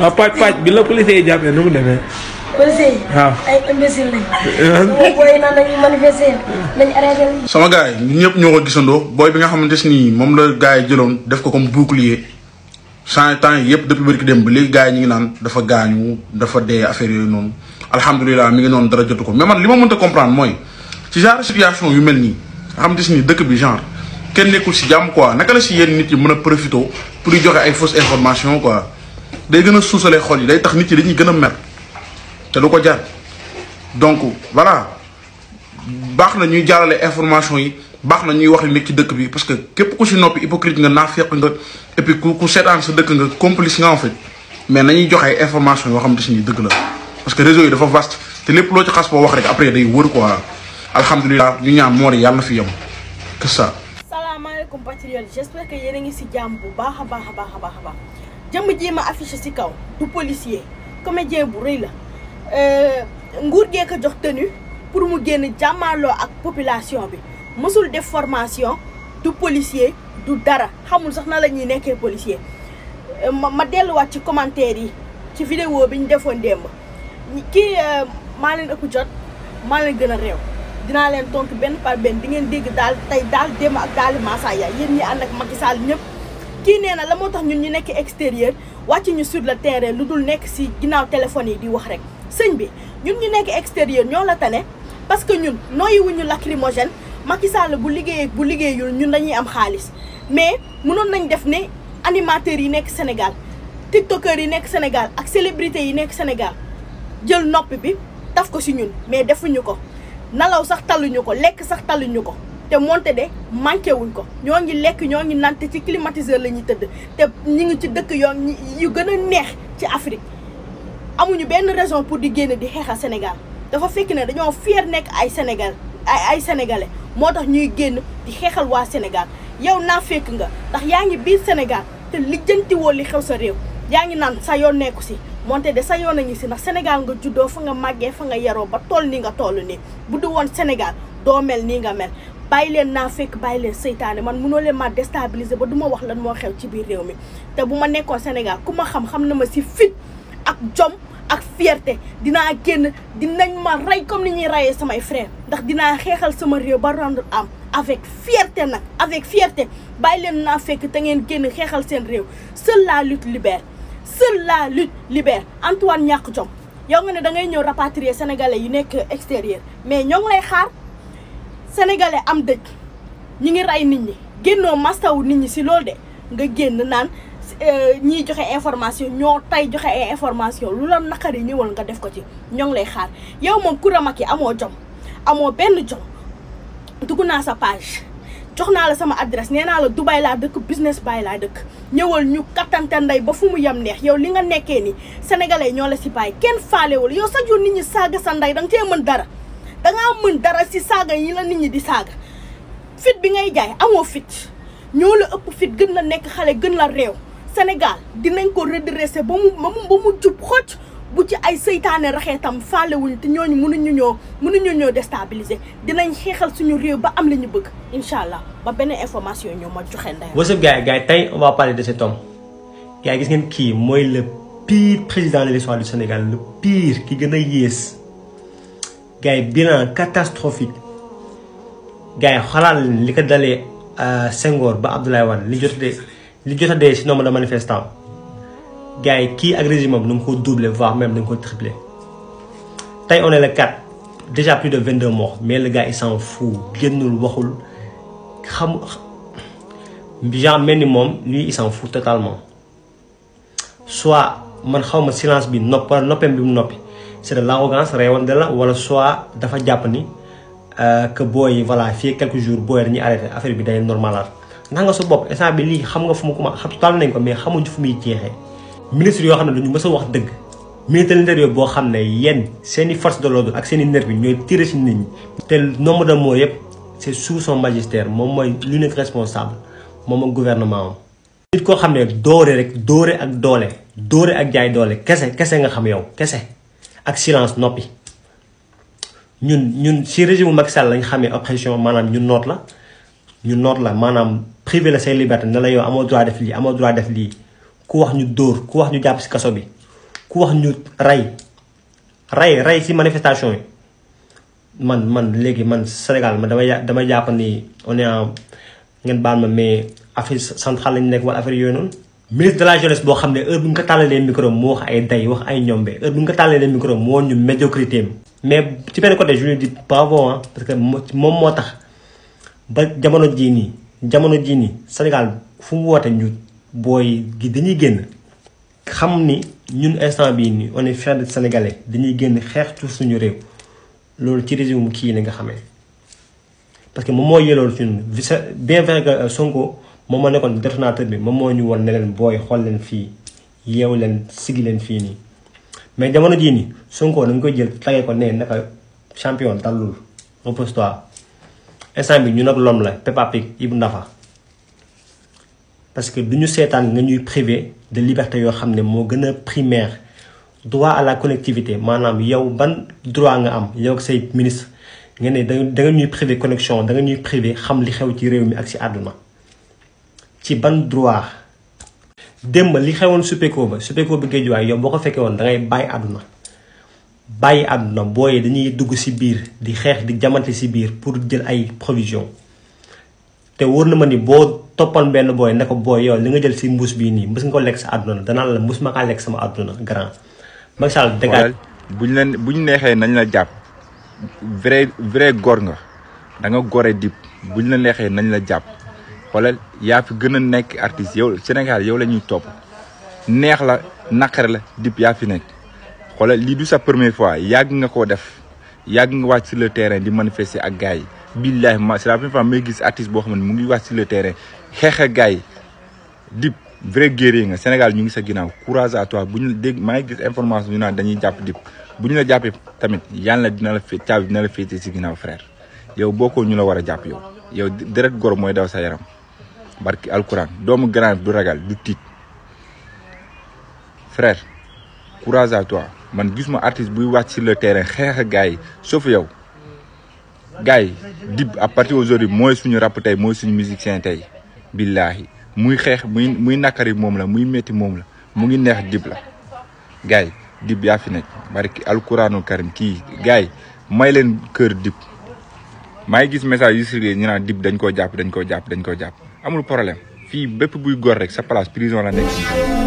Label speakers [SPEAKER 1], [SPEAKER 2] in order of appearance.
[SPEAKER 1] waaw pàcc pàcc bi la police yi jàppee mu demee. police yi. waaw
[SPEAKER 2] ah.
[SPEAKER 3] sama booy naan
[SPEAKER 2] ñëpp ñoo ko gisandoo booy bi nga xamante ni moom la gars yi jëloon def ko comme bouclier. sans temps yi yëpp depuis barki dem ba léegi gars yi ñu ngi naan dafa gaañu dafa dee affaire yooyu noonu alhamdulilah mi ngi noonu dara jotu ko mais man li ma mënta comprendre mooy ci genre situation yu mel nii nga xamante ni dëkk bi genre kenn nekkul si jàmm quoi naka la si yenn nit yi mën a profité pour di joxe ay fausses informations quoi. day gën a suusalee xool yi day tax nit yi dañuy gën a mer te du ko jar donc voilà baax na ñuy jaarale information yi baax na ñuy wax li nekk ci dëkk bi parce que képp ku si noppi hypocrite nga naafeq nga et ku ku seetaan sa dëkk nga complice nga mais nañuy joxe information yoo xam si ni dëgg la parce que réseau yi dafa vaste te lépp loo ci xas boo wax rek après day wër quoi alhamdulilah ñu ñaan moori yàlla na fi yem que si
[SPEAKER 3] jàmm a baax jëmm jii ma affiché ci kaw du policier comédien bu rëy la euh, nguur gee ko jox tenue pour mu génn jàmmaarloo ak population bi mësul def formation du policier du dara xamul sax na la ñuy nekkee policier euh, ma ma delluwaat ci commentaire yi ci vidéo bi ñu defoon démb kii euh, maa leen ëpp jot maa leen gën a réew dinaa leen tontu benn par benn di ngeen dégg daal tey daal démb ak daal di Massa Yaye ñi ànd ak Macky Sall ñëpp. kii nee na la moo tax ñun ñu nekk extérieur wàcc ñu sur le terrain lu dul nekk si ginnaaw téléphone yi di wax rek sëñ bi ñun ñu nekk extérieur ñoo la tane parce que ñun nooyi wuñu lacrymogène Macky Sall bu liggéey bu liggéeyul ñun dañuy am xaalis mais mënoon nañ def ni animateurs yi nekk Sénégal tiktokers yi nekk Sénégal ak célébrités yi nekk senegal jël nopp bi taf ko si ñun mais defuñu ko nalaw sax talluñu ko lekk sax talluñu ko te moonte de manqué wuñ ko ñoo ngi lekk ñoo ngi nante ci climatiseur la ñuy tëdd te ñu ngi ci dëkk yoo yu gën a neex ci Afrique amuñu benn raison pour di génn di xeexal senegal dafa fekk ne dañoo fier nekk ay Sénégal ay ay moo tax ñuy génn di xeexal waa Sénégal yow naa fekk nga ndax yaa ngi biir Sénégal te lijjantiwoo li xew sa réew yaa ngi naan sa yoon nekku si moonte de sa yoon a ngi si ndax Sénégal nga juddoo fa nga màggee fa nga yaroo ba toll ni nga toll nii bu du woon Sénégal doo mel bàyyi leen naa fekk bàyyi leen seytaane man mënoo leen ma déstabiliser ba duma wax lan moo xew ci biir réew mi te bu ma nekkoon Sénégal ku ma xam xam na ma si fit ak jom ak fierté dinaa génn dinañ ma rey comme ni ñuy reyee samay frère ndax dinaa xeexal sama réew ba rendre am avec fierté nag avec fierté bàyyi leen naa fekk te ngeen génn xeexal seen réew seule la lutte libère seule la lutte libère Antoine ñàkk jom yow nga ne da ngay ñëw rapatrier sénégalais yu nekk extérieur mais ñoo ngi lay sénégalais am dëj ñi ngi rey nit ñi génnoo mastawu nit ñi si loolu de nga génn naan euh, ñiy joxe information ñoo tey joxe ay information lu la naqari ñëwal nga def ko ci ñoo ngi lay xaar yow moom Coura Macky amoo jom amoo benn jom dugg naa sa page jox naa la sama adresse nee naa la Dubai laa dëkk business bay laa dëkk ñëwal ñu kattante ndey ba fu mu yem neex yow li nga nekkee ni sénégalais ñoo la si bàyyi kenn faale yow sa jour nit ñi saaga sa ndey danga cee mën dara dangaa mën dara ci saaga yi la nit ñi di saaga fit bi ngay jaay amoo fit ñoo la ëpp fit gën la nekk xale gën la réew Sénégal dinañ ko redresser ba mu ba mu ba mu jub xocc bu ci ay seytaane raxee tam faalewuñ te ñooñu mënuñu ñoo ñu ñoo déstabiliser dinañ xeexal suñu réew ba am la ñu bëgg incha allah ba benn information ñoo ma joxe ndeyam.
[SPEAKER 4] what's up gars yi tey on va parler de cet homme gis ngeen kii mooy le pire président de l'histoire du Sénégal le pire ki gën a yées. gars yi bilan catastrophique gars yi xalaat li ko dalee euh, Senghor ba Abdoulaye Wade li jot dee li jot a dee si nombre de manifestants gars yi kii ak régime am dañ ko doubler voire même dañ ko tripler tey on est le 4 déjà de 22 mais le gars il s'en fout génnul waxul xam genre mel ni moom lui il s'en fout totalement soit man xaw ma silence bi nopp noppeem bi mu noppi. c'est de l'arrogance de la wala soit dafa jàpp ni euh, que booy voilà fii quelques jours booy dañuy arrêté affaire bi day normalaat ndax nga sa bopp instant bi lii xam nga fu mu commencé xam toll nañ ko mais xamuñ fu muy jeexee ministre yoo xam ne dañu mës a wax dëgg militaire boo xam ne yéen seen i force de ak seen i nerf yi ñooy tiré si nit ñi te nombre de morts yëpp c'est sous son moom mooy l'unique responsable moom ak gouvernement am nit koo xam ne doore rek doore ak doole doore ak jaay doole kese kese nga xam yow kese ak silence noppi ñun ñun si régime Macky Sall lañ xamee oppression maanaam ñu noot la ñu noot la maanaam privé la say liberté ne la yow amoo droit def lii amoo droit def lii ku wax ñu dóor ku wax ñu jàpp si kaso bi ku wax ñu rey rey rey si manifestation yi man man léegi man Sénégal ma damay damay jàpp ni on est ngeen baal na mais Afrique centrale lañu nekk wala affaire yooyu noonu. ministre de la jeunesse boo xam ne heure bu ñu ko tàllalee micro moo wax ay day wax ay ñombe heure bu ñu ko tàllalee micro moo ñu médiocrité mais ci benn côté je lui dis parce que moom moo tax ba jamono jii nii jamono jii nii Sénégal fu mu woote ñu booy gi dañuy génn xam ni ñun instant bi nii on est fiers de sénégalais dañuy génn xeextu suñu réew loolu ci régime kii la nga xamee parce que moom moo yellool suñu bien vrai euh, Sonko moom moo nekkoon détonateur bi moom moo ñu woon ne leen booy xool leen fii yeew leen sigi leen fii nii mais jamono jii nii Sonko dañ koy jël tagee ko ne naka champion dallul repose-toi instant bi ñu nag lom la Peppa Pig Ibou Ndafa parce que du ñu seetaan nga ñuy privé de liberté yoo xam ne moo gën a primaire droit à la collectivité maanaam yow ban droit nga am yow ak say ministre nga ne da nga ñuy privé connexion da nga ñuy privé xam li xew ci réew mi ak si àdduna ci ban droit démb li xewoon suppeekoo ba suppeekoo bi géejuwaay yow boo ko fekkee woon da ngay bàyyi àdduna bàyyi àdduna booyee dañuy dugg si biir di xeex di jamante si biir pour jël ay provision te wóor na ma ni boo toppal benn booy ne ko booy yow li nga jël si mbuus bii nii mës nga ko lekk sa àdduna danaa la mës ma kaa lekk sama àdduna grand. Macky Sall dégg bu ñu leen bu ñu neexee nañ la jàpp vrai vrai góor
[SPEAKER 1] nga danga nga gore buñ la neexee nañ la jàpp. xoolal yaa fi gën a nekk artiste yow yow la ñuy topp neex la naqare la dip yaa fi nekk xoolal lii du sa première fois yàgg nga koo def yàgg nga wàcc sur le terrain di manifester ak gars yi billahi ma c'est la première gis artiste boo xam ne mu ngi wàcc sur le terrain xeex ak gars yi dip vrai guerrier nga Sénégal ñu ngi sa ginnaaw courage à bu ñu dégg maa ngi gis information ñu naan dañuy jàpp dip bu ñu la jàppee tamit dina la caabi dina la féetee si ginnaaw frère yow bokkoo ñu la war a jàpp yow yow deret gor mooy daw sa yaram barki alquran doomu grand du ragal du tiit frère courage à toi man gisuma artiste buy wàcc sur le terrain xeex a gars yi sauf yow gars yi dib à partir aujourd'hui mooy suñu rap tey mooy suñu musicien tey billaahi muy xeex muy muy nakari moom la muy metti moom la mu ngi neex dib la gars yi dib yaa fi nekk barki alquranu karim kii gars yi may leen kër dib maa ngi gis message yu sirlé ñu naan dib dañ koo jàpp dañ koo jàpp dañ koo jàpp amul problème fii bépp buy gor rek sa place prison la nekk